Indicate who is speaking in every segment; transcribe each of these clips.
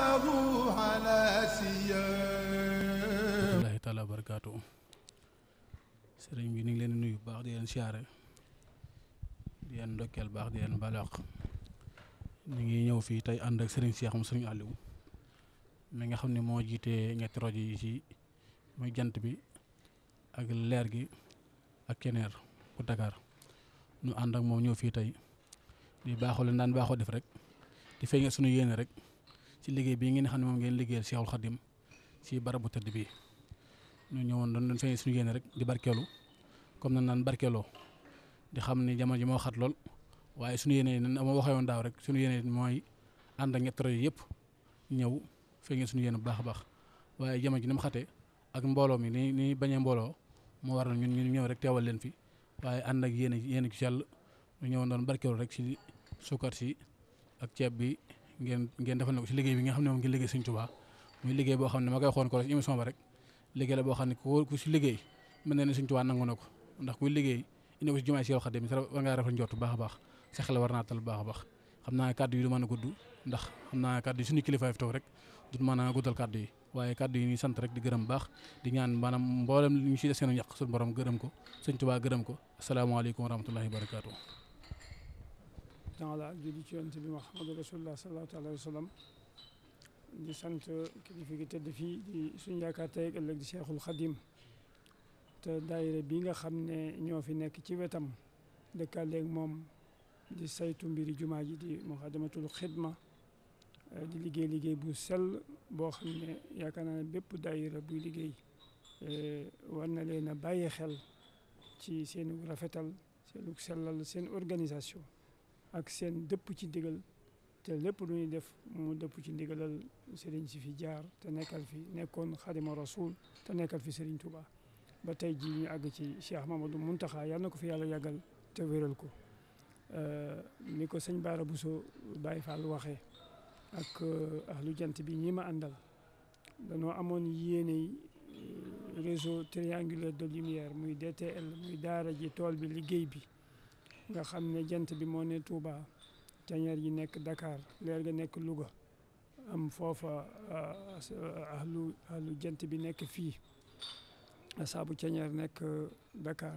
Speaker 1: حفظوا على سيام الله
Speaker 2: تعالى بركاته sëriñ bi ñu ngi leen di nuyu baax di leen siyaare di leen ndokkeel baax di leen balaax ñu ngi ñëw fii tey ànd ak sëriñ Cheikh moom sëriñ Aliou mi nga xam ni moo jiitee ñetti rajo yi ci muy jant bi ak leer gi ak keneer bu Dakar nu ànd ak moom ñëw fii tey di baaxoo leen daan baaxoo def rek di feeñal suñu yéene rek ci liggéey bii ngeen xam ne moom ngeen liggéeyal Seexul Xadim ci barabu tëdd bi ñu ñëwoon doon doon feeñ suñu génn rek di barkeelu comme na naan barkeeloo di xam ne jamono ji moo xat lool waaye suñu yéene nan ma waxee woon daaw rek suñu yéene mooy ànd ak ñett rajo yëpp ñëw fee suñu yéene bu baax a baax waaye jamono ji ni mu xatee ak mbooloo mi ni ni bañee mbooloo moo waral ñun ñu ñëw rek teewal leen fi waaye ànd ak yéen yéen ci yàlla ñu ñëwoon doon barkeelu rek ci suukar si ak ceeb bi ngeen ngeen defal na ko ci liggéey bi nga xam ne moom ngi liggéey Sëñ Tuubaa muy liggéey boo xam ne ma koy xoon ko ci émission ba rek liggéey la boo na ndax liggéey indi ko ci jumaay Seexul Xadiim sa war ngaa a baax naa tal baax a baax xam naa kàddu yi du mën a gudd ndax xam naa kàddu yi kilifa fi rek du mën a guddal kàddu yi waaye kàddu yi ñuy sant rek di gërëm baax di ñaan maanaam mboolem li ñu ci des seen yàq suñu borom gërëm ko Sëñ Tuubaa gërëm ko asalaamaaleykum wa rahmatullahi wa
Speaker 3: taala julli ci yonent bi Muhammadu rasulullah sallallahu alayhi wa sallam di sant kilifa gi tëdd fii di suñu yaakaar tey ëllëg di Cheikhul Khadim te daayira bi nga xam ne ñoo fi nekk ci wetam dëkkaaleeg moom di saytu mbiri jumaa ji di Muxaddamatul Xidma eh, di liggéey liggéey bu sell boo xam ne yaakaar naa ne bépp daayira buy liggéey eh, war na leen a bàyyi xel ci seenu rafetal seenu sellal seen organisation ak seen dëpp ci ndigal te lépp lu ñuy def mu dëpp ci ndigalal sëriñ si fi jaar te nekkal fi nekkoon xadima rasul te nekkal fi sëriñ Touba ba tey ji ñu àgg ci Cheikh Mamadou Muntaxa yal na ko fi yàlla yàggal te wéral ko euh, ni ko sëñ Baara Bousso Baye Fall waxee ak euh, ahlu jant bi ñii ma àndal danoo amoon yéene euh, réseau triangulaire de lumière muy DTL muy daara ji tool bi liggéey bi nga xam ne jant bi moo ne Touba cañeer ji nekk Dakar leer ga nekk Louga am foofa euh, ahlu ahlu jant bi nekk fii asaabu cañeer nekk Dakar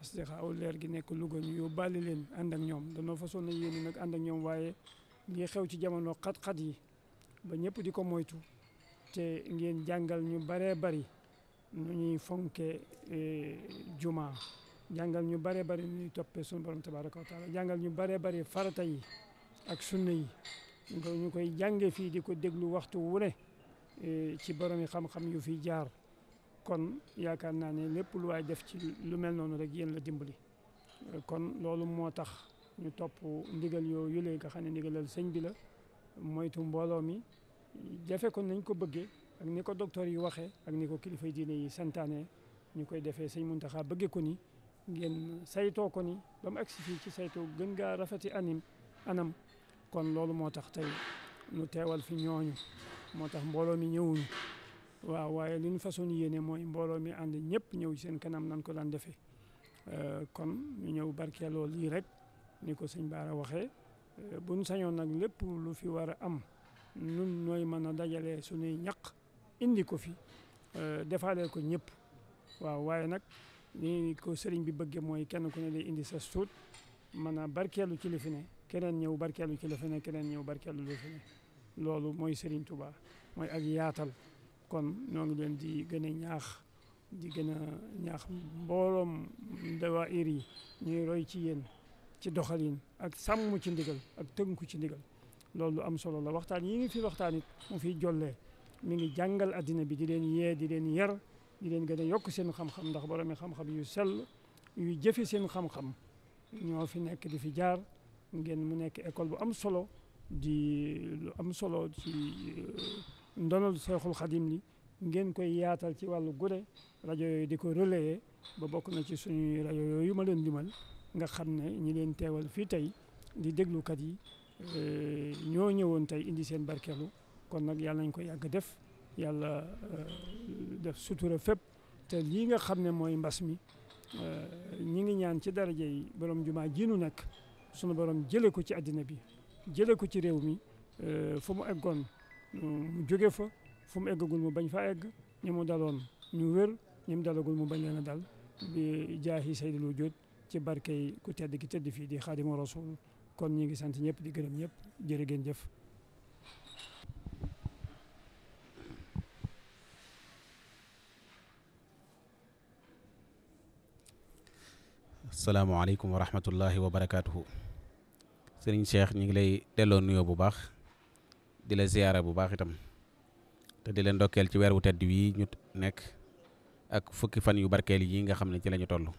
Speaker 3: astixaaw leer gi nekk luga ñu yóbbaale leen ànd ak ñoom danoo façon na nag ànd ak ñoom waaye lii xew ci jamono xat-xat yi ba ñépp di ko moytu te ngeen jàngal ñu baree bari nu ñuy fonke euh, jumaa jàngal ñu bëree bëri ñu toppee suñu borom tabaraka wa taala jàngal ñu bëree bëri farata yi ak sunna yi ñu koy jànge fii di ko déglu waxtu wu ne e, ci borom yi xam-xam yu fi jaar kon yaakaar naa ne lépp lu waay def ci lu mel noonu rek yéen la dimbali kon loolu moo tax ñu topp ndigal yoo yule nga xam ne ndigalal sëñ bi la moytu mbooloo mi jafe ko nañ ko bëgge ak ni ko docteur yi waxee ak ni ko kilifa diine yi santaane ñu koy defee sëñ Muntaxa bëggee ko ni ngeen saytoo ko ni ba mu agsi fii ci saytoo gën gaa rafeti anim anam kon loolu moo tax tey nu teewal fi ñooñu moo tax mbooloo mi ñëwuñu waaw waaye li ñu façon mooy mbooloo mi ànd ñëpp ñëw seen kanam nan ko daan defee euh, kon ñu ñëw barkeeloo lii rek ni ko sëñ Baara waxee euh, bu buñ sañoon nag lépp lu fi war a am nun nooy mën a dajalee suñuy ñaq indi ko fi euh, defaale ko ñépp waaw waaye nag ni ko sëriñ bi bëggee mooy kenn ku ne day indi sa suut mën a barkeelu ci li keneen ñëw barkeelu ci li keneen ñëw barkeelu li loolu mooy sëriñ Touba mooy ak yaatal kon ñoo ngi leen di gën a ñaax di gën a ñaax mbooloom dawaayir yi ñuy roy ci yéen ci doxalin ak sàmm ci ndigal ak tënku ci ndigal loolu am solo la waxtaan yii ngi fi waxtaan it mu fiy jolle mu ngi jàngal addina bi di leen yee di leen yar ñi leen gën a yokk seen xam-xam ndax borom xam-xam yu sell yu jëfe seen xam-xam ñoo fi nekk di fi jaar ngeen mu nekk école bu am solo di lu am solo ci euh, ndonal Seexul Xadim li ngeen koy yaatal ci wàllu gure rajo di ko relayer ba bokk na ci suñuy rajo yooyu ma leen limal nga xam ne ñi leen teewal fii tey di déglukat yi euh, ñoo ñëwoon tey indi seen barkeelu kon nag yàlla nañ ko yàgg def yàlla euh, def sutura fépp te lii nga xam ne mooy mbas mi euh, ñi ngi ñaan ci daraja yi borom jumaa jiinu nekk sunu borom jëlee ko ci àddina bi jëlee ko ci réew mi euh, fu mu eggoon mu jóge fa fu mu eggagul mu bañ faa egg ñi mu daloon ñu wér ñi mu dalagul mu bañ leen a dal bi jaahi sayyidul wujuud ci barke yi ku tedd ki tedd fii di xaadimu rasul kon ñi ngi sant ñëpp di gërëm ñëpp jëre génn jëf
Speaker 1: salaamaaleykum wa rahmatullahi wa barakaatuhu. sëriñ Cheikh ñu ngi lay delloo nuyoo bu baax di la ziyaara bu baax itam te di leen ndokkeel ci weer wu tedd wii ñu nekk ak fukki fan yu barkeel yi nga xam ne ci lañu ñu toll.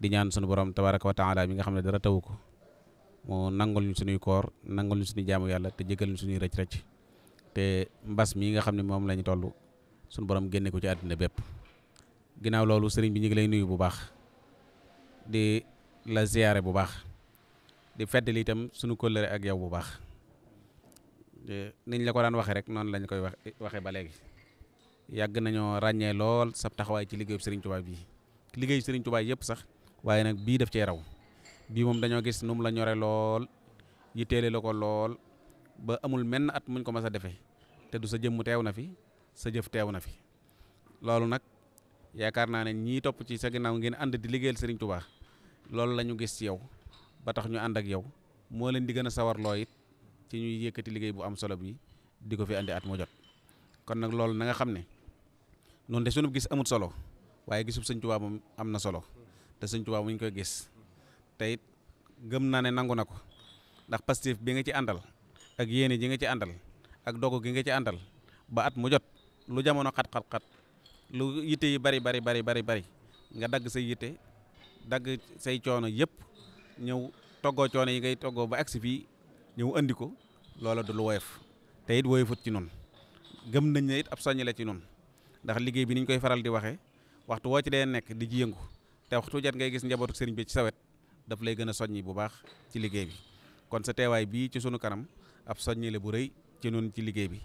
Speaker 1: di ñaan sunu borom tabaraka wa taala mi nga xam ne dara tawu ko mu nangul ñu suñuy koor nangul ñu suñuy jaamu yàlla te jëkkal ñu suñuy rëcc-rëcc te mbas mii nga xam ne moom lañu ñu toll sunu borom génne ko ci àddina bépp ginnaaw loolu sëriñ bi ñu ngi lay nuyu bu baax. di la ziyaare bu baax di feddali itam sunu kóllëre ak yow bu baax niñ la ko daan waxee rek noonu lañ koy wax waxee ba léegi yàgg nañoo ràññee lool sab taxawaay ci liggéeyu Serigne Touba bii liggéeyu Serigne Touba yëpp sax waaye nag bii def cee raw bii moom dañoo gis nu la ñore lool yitteele la ko lool ba amul menn at muñ ko mas a defee te du sa jëmm teew na fi sa jëf teew na fi loolu nag yaakaar naa ne ñii topp ci sa ginnaaw ngeen ànd di liggéeyal Serigne Touba loolu la ñu gis ci yow ba tax ñu ànd ak yow moo leen di gën a sawarloo it ci ñuy yëkkati liggéey bu am solo bi di ko fi andi at mu jot kon nag loolu nanga xam ne noonu de gis amut solo waaye gisub Sëñ Touba moom am na solo te Sëñ Touba mu ñu koy gis tey it gëm naa ne nangu na ko ndax pastif bi nga ci àndal ak yéene ji nga ci àndal ak dogu gi nga ci àndal ba at mu jot lu jamono xat xat lu yitte yi bari bari bari bari bari nga dagg say yitte dagg say coono yëpp ñëw toggoo coono yi ngay toggoo ba agsi fii ñëw indi ko loola du lu woyof te it woyofut ci noonu gëm nañ ne it ab soññ la ci noonu ndax liggéey bi niñ koy faral di waxe waxtu woo ci dee nekk di ci yëngu te waxtu jot ngay gis njabootu sëriñ bi ci sawet daf lay gën a soññi bu baax ci liggéey bi kon sa teewaay bii ci sunu kanam ab soññi bu rëy ci noonu ci liggéey bi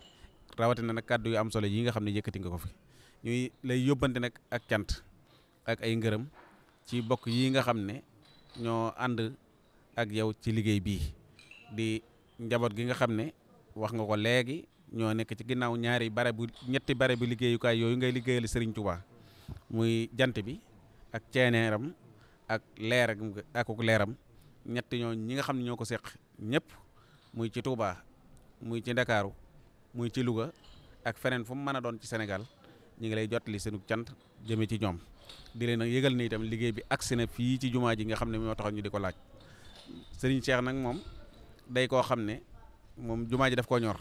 Speaker 1: rawatina nag kàddu yu am solo yi nga xam ne yëkkati nga ñuy lay yóbbante nag ak cant ak ay ngërëm ci bokk yi nga xam ne ñoo ànd ak yow ci liggéey bii di njaboot gi nga xam ne wax nga ko léegi ñoo nekk ci ginnaaw ñaari bare bu ñetti bare bu liggéeyukaay yooyu ngay liggéeyal Serigne Touba muy jant bi ak ceeneeram ak leer ak leeram ñetti ñoo ñi nga xam ne ñoo ko seq ñëpp muy ci Touba muy ci Ndakaaru muy ci Louga ak feneen fu mu mën a doon ci senegal ñu ngi lay jottali seenu cant jëme ci ñoom di leen ak yëgal ni itam liggéey bi agsi na fii ci jumaa ji nga xam ne moo taxoon ñu di ko laaj sëriñ Cheikh nag moom day koo xam ne moom jumaa ji def koo ñor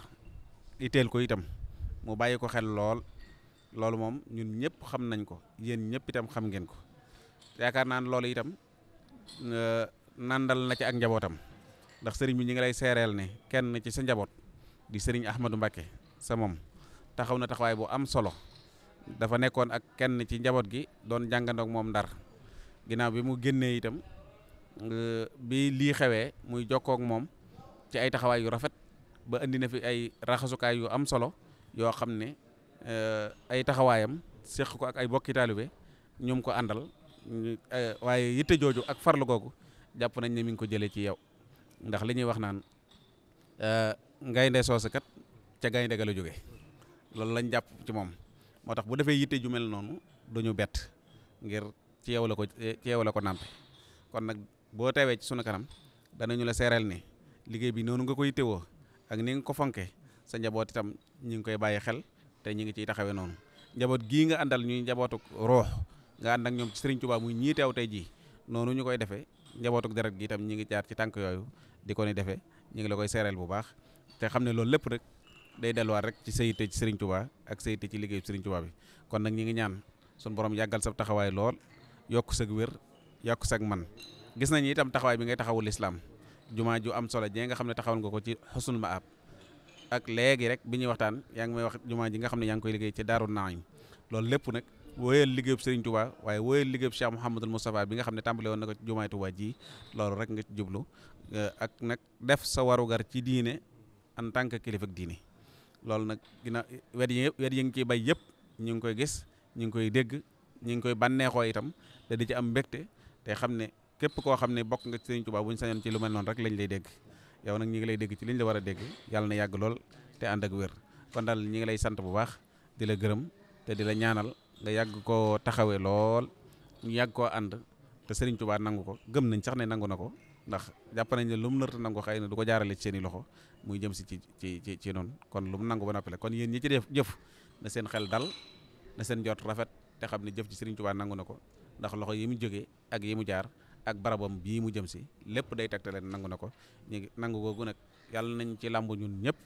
Speaker 1: iteel ko itam mu bàyyi ko xel lool loolu moom ñun ñëpp xam nañ ko yéen ñëpp itam xam ngeen ko yaakaar naa ne loolu itam euh, nandal na ci ak njabootam ndax sëriñ bi ñu ngi lay seereel ne kenn ci sa njaboot di sëriñ Ahmadou Mbacke sa moom taxaw na taxawaay boo am solo dafa nekkoon ak kenn ci njaboot gi doon jàngandoog moom ndar ginnaaw bi mu génnee itam bi lii xewee muy jokkoog moom ci ay taxawaay yu rafet ba indi na fi ay raxasukaay yu am solo yoo xam ne eh, ay taxawaayam séq ko ak ay bokki taalibe ñoom ko àndal eh, waaye yitte jooju ak farlu googu jàpp nañ ne mi ngi ko jëlee ci yow ndax li ñuy wax naan ngaynde eh, soose kat ca gaynde ga la jóge loolu lañ jàpp ci moom moo tax bu defee yitte ju mel noonu duñu bett ngir ci yow la ko ci la ko nàmpe kon nag boo teewee ci sunu kanam danañu la seeral ni liggéey bi noonu nga koy yittewoo ak ni nga ko fonke sa njaboot itam ñu ngi koy bàyyi xel te ñu ngi ciy taxawee noonu njaboot gii nga àndal ñuy njabootuk roox nga ànd ñoom ci Sëriñ Tuubaa muy ñii teew tey jii noonu ñu koy defee njabootuk deret gi itam ñu ngi jaar ci tànk yooyu di ko ni defee ñu ngi la koy seereel bu baax te xam ne loolu lépp rek day delluwaat rek ci sa ci Serigne Touba ak sa yitte ci liggéey Serigne Touba bi kon nag ñi ngi ñaan sun borom yàggal sa taxawaay lool yokk sag wér yokk sag man gis nañ itam taxawaay bi ngay taxawul lislaam jumaa ju am solo jee nga xam ne taxawal nga ko ci xasul ma ab ak léegi rek bi ñuy waxtaan yaa ngi may wax jumaa ji nga xam ne yaa ngi koy liggéey ci daaru naim loolu lépp nag wóoyal liggéeyub Serigne Touba waaye wóoyal liggéeyub Cheikh Mouhamadul Moustapha bi nga xam ne tàmbale woon na ko jumaay Touba ji loolu rek nga ci jublu ak nag def sa warugar ci diine en tant que kilifa ak diine loolu nag ginnaaw wet yi wet yi ngi ciy bay yëpp ñu ngi koy gis ñu ngi koy dégg ñu ngi koy banneexoo itam te di ci am mbégte te xam ne képp koo xam ne bokk nga ci Sëriñ Tuubaa bu ñu sañoon ci lu mel noonu rek lañ lay dégg yow nag ñi ngi lay dégg ci liñ la war a dégg yàlla na yàgg lool te ànd ak wér kon daal ñi ngi lay sant bu baax di la gërëm te di la ñaanal nga yàgg koo taxawee lool ñu yàgg koo ànd te Sëriñ Tuubaa nangu ko gëm nañ sax ne nangu na ko ndax jàpp nañ ne lu mu nërta nangu xay na du ko jaarale ci seen loxo muy jëm si ci ci ci ci noonu kon lu mu nangu ba noppi la kon yéen ñi ci def jëf na seen xel dal na seen jot rafet te xam ne jëf ci Serigne Touba nangu na ko ndax loxo yi mu jógee ak yi mu jaar ak barabam bii mu jëm si lépp day tegtale nangu na ko ñu ngi nangu googu nag yàlla nañ ci làmb ñun ñëpp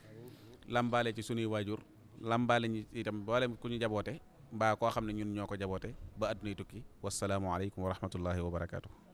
Speaker 1: làmbaale ci sunuy waajur làmbaale ñu itam boole ku ñu jaboote mbaa koo xam ne ñun ñoo ko jaboote ba addunay tukki wasalaamualeykum wa rahmatullahi wa barakaatu.